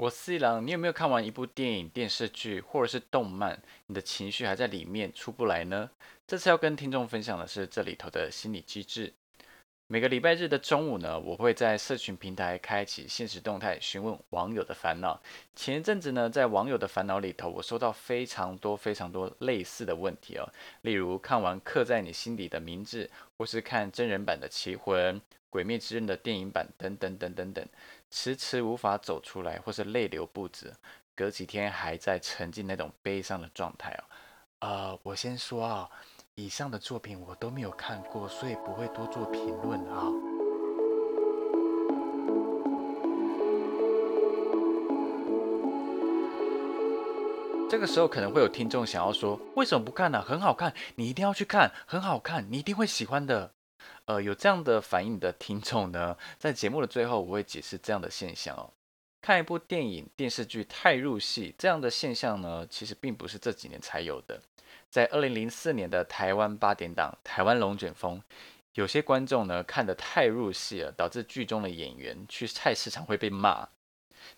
我是一郎，你有沒有看完一部電影、電視劇或者是動漫，你的情緒還在裡面出不來呢？這次要跟聽眾分享的是這裡頭的心理機制。每個禮拜日的中午呢，我會在社群平台開啟限時動態，詢問網友的煩惱。前一陣子呢，在網友的煩惱裡頭，我收到非常多非常多類似的問題哦，例如看完刻在你心底的名字，或是看真人版的《棋魂》、《鬼滅之刃》的電影版等等等等等等。遲遲無法走出來，或是淚流不止，隔幾天還在沉浸那種悲傷的狀態哦。呃，我先說啊，以上的作品我都沒有看過，所以不會多做評論啊。這個時候可能會有聽眾想要說，為什麼不看呢？很好看，你一定要去看，很好看，你一定會喜歡的。呃，有這樣的反應的聽眾呢，在節目的最後我會解釋這樣的現象哦。看一部電影、電視劇太入戲，這樣的現象呢，其實並不是這幾年才有的。在2004年的台灣八點檔《台灣龍捲風》，有些觀眾呢看得太入戲了，導致劇中的演員去菜市場會被罵。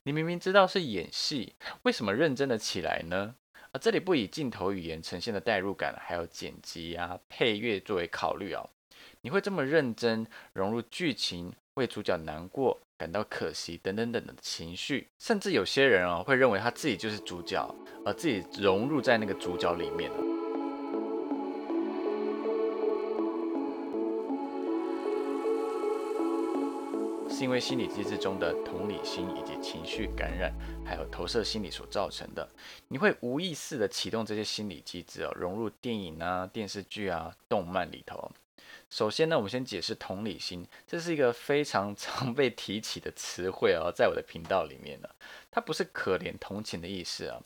你明明知道是演戲，為什麼認真的起來呢？啊，這裡不以鏡頭語言呈現的代入感，還有剪輯啊、配樂作為考慮哦、啊。你會這麼認真融入劇情，為主角難過、感到可惜等等等等的情緒，甚至有些人啊、喔，會認為他自己就是主角，而自己融入在那個主角裡面。 是因為心理機制中的同理心以及情緒感染，還有投射心理所造成的。你會無意識的啟動這些心理機制哦、喔，融入電影啊、電視劇啊、動漫裡頭。首先呢，我們先解釋同理心，這是一個非常常被提起的詞彙啊，在我的頻道裡面呢，它不是可憐同情的意思啊，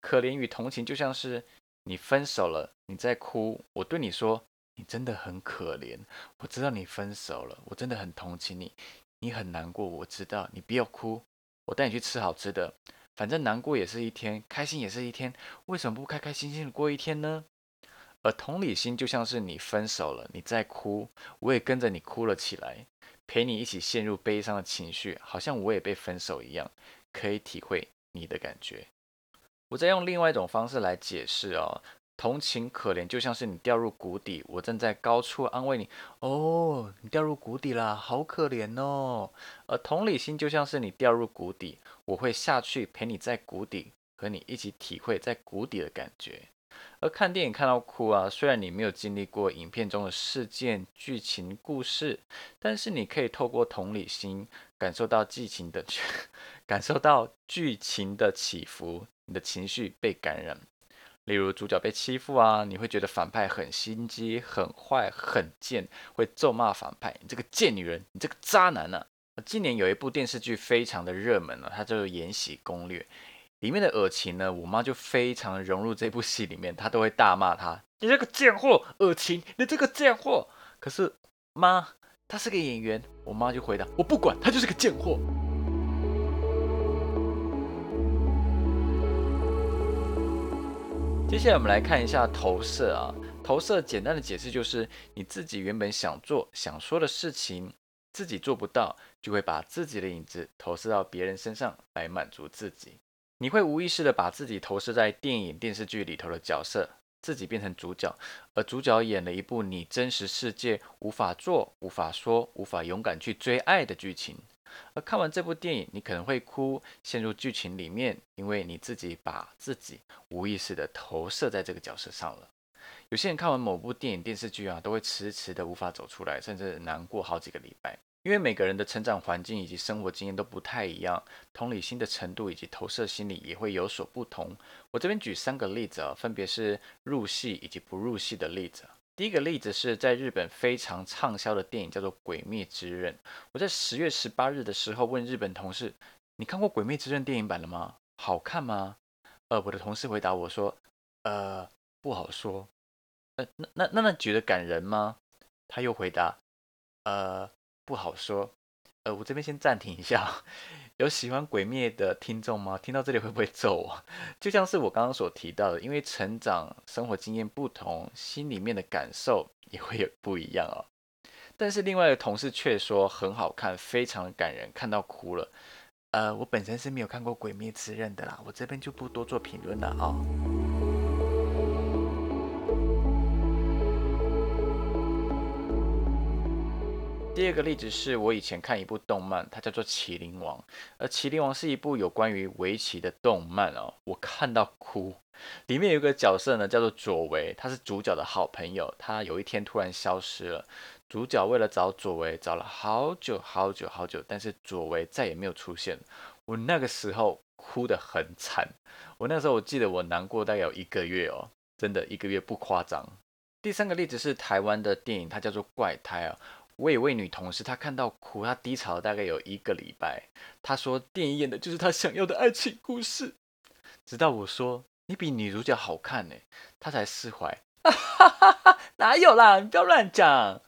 可憐與同情就像是你分手了，你在哭，我對你說，你真的很可憐，我知道你分手了，我真的很同情你，你很難過，我知道，你不要哭，我帶你去吃好吃的，反正難過也是一天，開心也是一天，為什麼不開開心心的過一天呢？而同理心就像是你分手了，你在哭，我也跟着你哭了起來，陪你一起陷入悲傷的情緒，好像我也被分手一樣，可以體會你的感覺。我再用另外一種方式來解釋哦：同情可憐就像是你掉入谷底，我正在高處安慰你，哦，你掉入谷底啦，好可憐哦。而同理心就像是你掉入谷底，我會下去陪你在谷底，和你一起體會在谷底的感覺。而看電影看到哭啊，雖然你沒有經歷過影片中的事件、劇情、故事，但是你可以透過同理心感受到劇情的，感受到劇情的起伏，你的情緒被感染。例如主角被欺負啊，你會覺得反派很心機、很壞、很賤，會咒罵反派：“你這個賤女人，你這個渣男啊！”今年有一部電視劇非常的熱門啊，它叫做《延禧攻略》。裡面的爾晴呢，我媽就非常融入這部戲裡面，她都會大罵他：“你這個賤貨，爾晴，你這個賤貨。”可是媽，她是個演員，我媽就回答：“我不管，她就是個賤貨。”接下來我們來看一下投射啊，投射簡單的解釋就是你自己原本想做、想說的事情，自己做不到，就會把自己的影子投射到別人身上來滿足自己。你會無意識的把自己投射在電影電視劇裡頭的角色，自己變成主角，而主角演了一部你真實世界無法做、無法說、無法勇敢去追愛的劇情。而看完這部電影，你可能會哭，陷入劇情裡面，因為你自己把自己無意識的投射在這個角色上了。有些人看完某部電影電視劇啊，都會遲遲的無法走出來，甚至難過好幾個禮拜。因為每個人的成長環境以及生活經驗都不太一樣，同理心的程度以及投射心理也會有所不同。我這邊舉三個例子啊、哦，分別是入戲以及不入戲的例子。第一個例子是在日本非常暢銷的電影叫做《鬼滅之刃》。我在十月十八日的時候問日本同事：“你看過《鬼滅之刃》電影版了嗎？好看嗎？”呃，我的同事回答我說：“呃，不好說。呃，那那那那覺得感人嗎？”他又回答：“呃。”不好說，呃，我這邊先暫停一下。有喜歡《鬼滅》的聽眾嗎？聽到這裡會不會揍我？就像是我剛剛所提到的，因為成長、生活經驗不同，心裡面的感受也會有不一樣哦。但是另外的同事卻說很好看，非常感人，看到哭了。呃，我本身是沒有看過《鬼滅之刃》的啦，我這邊就不多做評論了啊。第二個例子是我以前看一部動漫，它叫做《棋靈王》，而《棋靈王》是一部有關於圍棋的動漫哦。我看到哭，裡面有一個角色呢，叫做佐為，他是主角的好朋友。他有一天突然消失了，主角為了找佐為找了好久好久好久，但是佐為再也沒有出現。我那個時候哭得很慘，我那時候我記得我難過大概有一個月哦，真的一個月不誇張。第三個例子是台灣的電影，它叫做《怪胎》哦啊。我有位女同事，她看到哭，她低潮大概有一個禮拜。她說電影演的就是她想要的愛情故事，直到我說，你比女主角好看呢？欸，她才釋懷。 哪有啦？你不要亂講。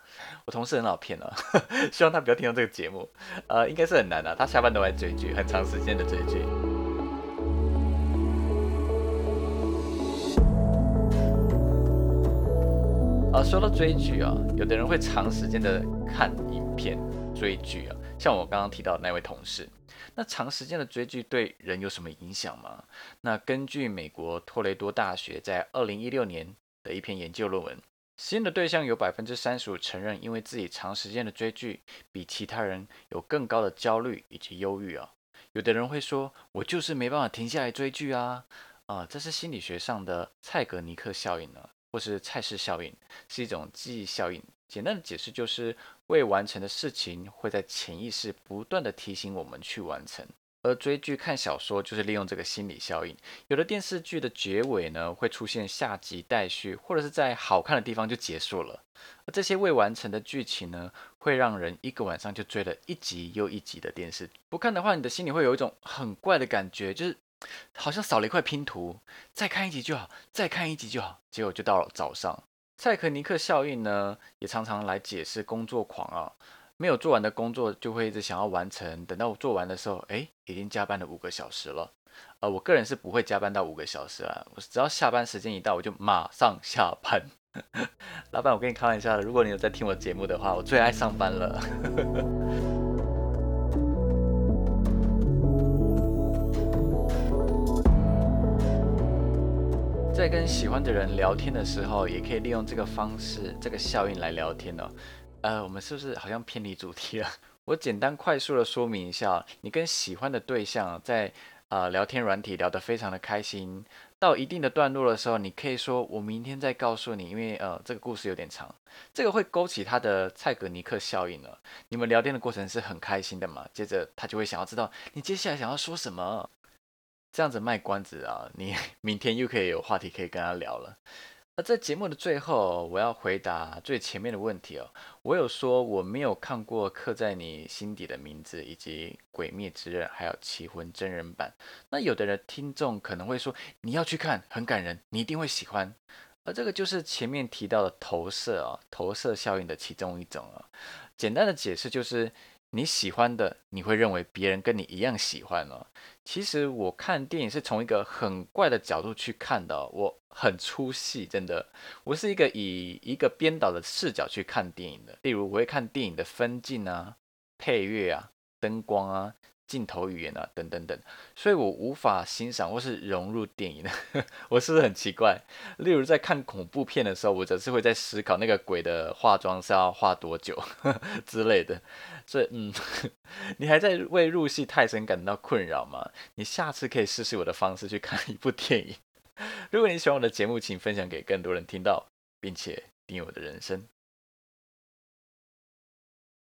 我同事很好騙啊，希望他不要聽到這個節目。呃，應該是很難啊，他下班都愛追劇，很長時間的追劇。啊，說到追劇啊，有的人會長時間的看影片追劇啊，像我剛剛提到的那位同事，那長時間的追劇對人有什麼影響嗎？那根據美國托雷多大學在二零一六年的一篇研究論文，實驗的對象有百分之三十五承認因為自己長時間的追劇，比其他人有更高的焦慮以及憂鬱啊。有的人會說，我就是沒辦法停下來追劇啊，啊，這是心理學上的蔡格尼克效應呢、啊。或是蔡氏效應，是一種記憶效應。簡單的解釋就是，未完成的事情會在潛意識不斷地提醒我們去完成。而追劇看小說就是利用這個心理效應。有的電視劇的結尾呢，會出現下集待續，或者是在好看的地方就結束了。而這些未完成的劇情呢，會讓人一個晚上就追了一集又一集的電視。不看的話，你的心裡會有一種很怪的感覺，就是。好像少了一塊拼圖，再看一集就好，再看一集就好。結果就到了早上。蔡克尼克效應呢，也常常來解釋工作狂啊，沒有做完的工作就會一直想要完成，等到我做完的時候，誒，已經加班了五個小時了。呃，我個人是不會加班到五個小時啊，我只要下班時間一到，我就馬上下班。 老闆，我跟你開玩笑的，如果你有在聽我節目的話，我最愛上班了。 在跟喜歡的人聊天的時候，也可以利用這個方式、這個效應來聊天哦。呃，我們是不是好像偏離主題了？我簡單快速的說明一下，你跟喜歡的對象在呃聊天軟體聊得非常的開心，到一定的段落的時候，你可以說“我明天再告訴你”，因為呃這個故事有點長，這個會勾起他的蔡格尼克效應了。你們聊天的過程是很開心的嘛？接着他就會想要知道你接下來想要說什麼。這樣子賣關子啊，你明天又可以有話題可以跟他聊了。而在節目的最後，我要回答最前面的問題哦。我有說我沒有看過《刻在你心底的名字》以及《鬼滅之刃》還有《棋魂真人版》。那有的人聽眾可能會說，你要去看，很感人，你一定會喜歡。而這個就是前面提到的投射啊、哦，投射效應的其中一種啊、哦。簡單的解釋就是。你喜歡的，你會認為別人跟你一樣喜歡哦。其實我看電影是從一個很怪的角度去看的哦，我很出戲，真的。我是一個以一個編導的視角去看電影的。例如，我會看電影的分鏡啊、配樂啊、燈光啊。鏡頭語言啊，等等等，所以我無法欣賞或是融入電影， 我是不是很奇怪？例如在看恐怖片的時候，我總是會在思考那個鬼的化妝是要化多久 之類的。所以，嗯， 你還在為入戲太深感到困擾嗎？你下次可以試試我的方式去看一部電影。 如果你喜歡我的節目，請分享給更多人聽到，並且訂閱我的人生。